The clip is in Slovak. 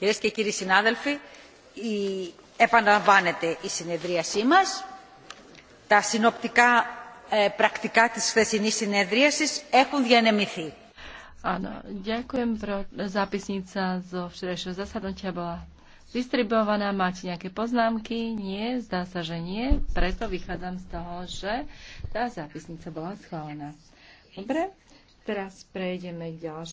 Κυρίες και κύριοι συνάδελφοι, η... επαναλαμβάνεται η συνεδρίασή μας. Τα συνοπτικά ε, πρακτικά της χθεσινής συνεδρίασης έχουν διανεμηθεί. Áno, ďakujem. Zápisnica zo včerajšieho zasadnutia bola distribuovaná. Máte nejaké poznámky? Nie, zdá sa, že nie. Preto vychádzam z toho, že tá zápisnica bola schválená. Dobre, teraz prejdeme k ďalšej.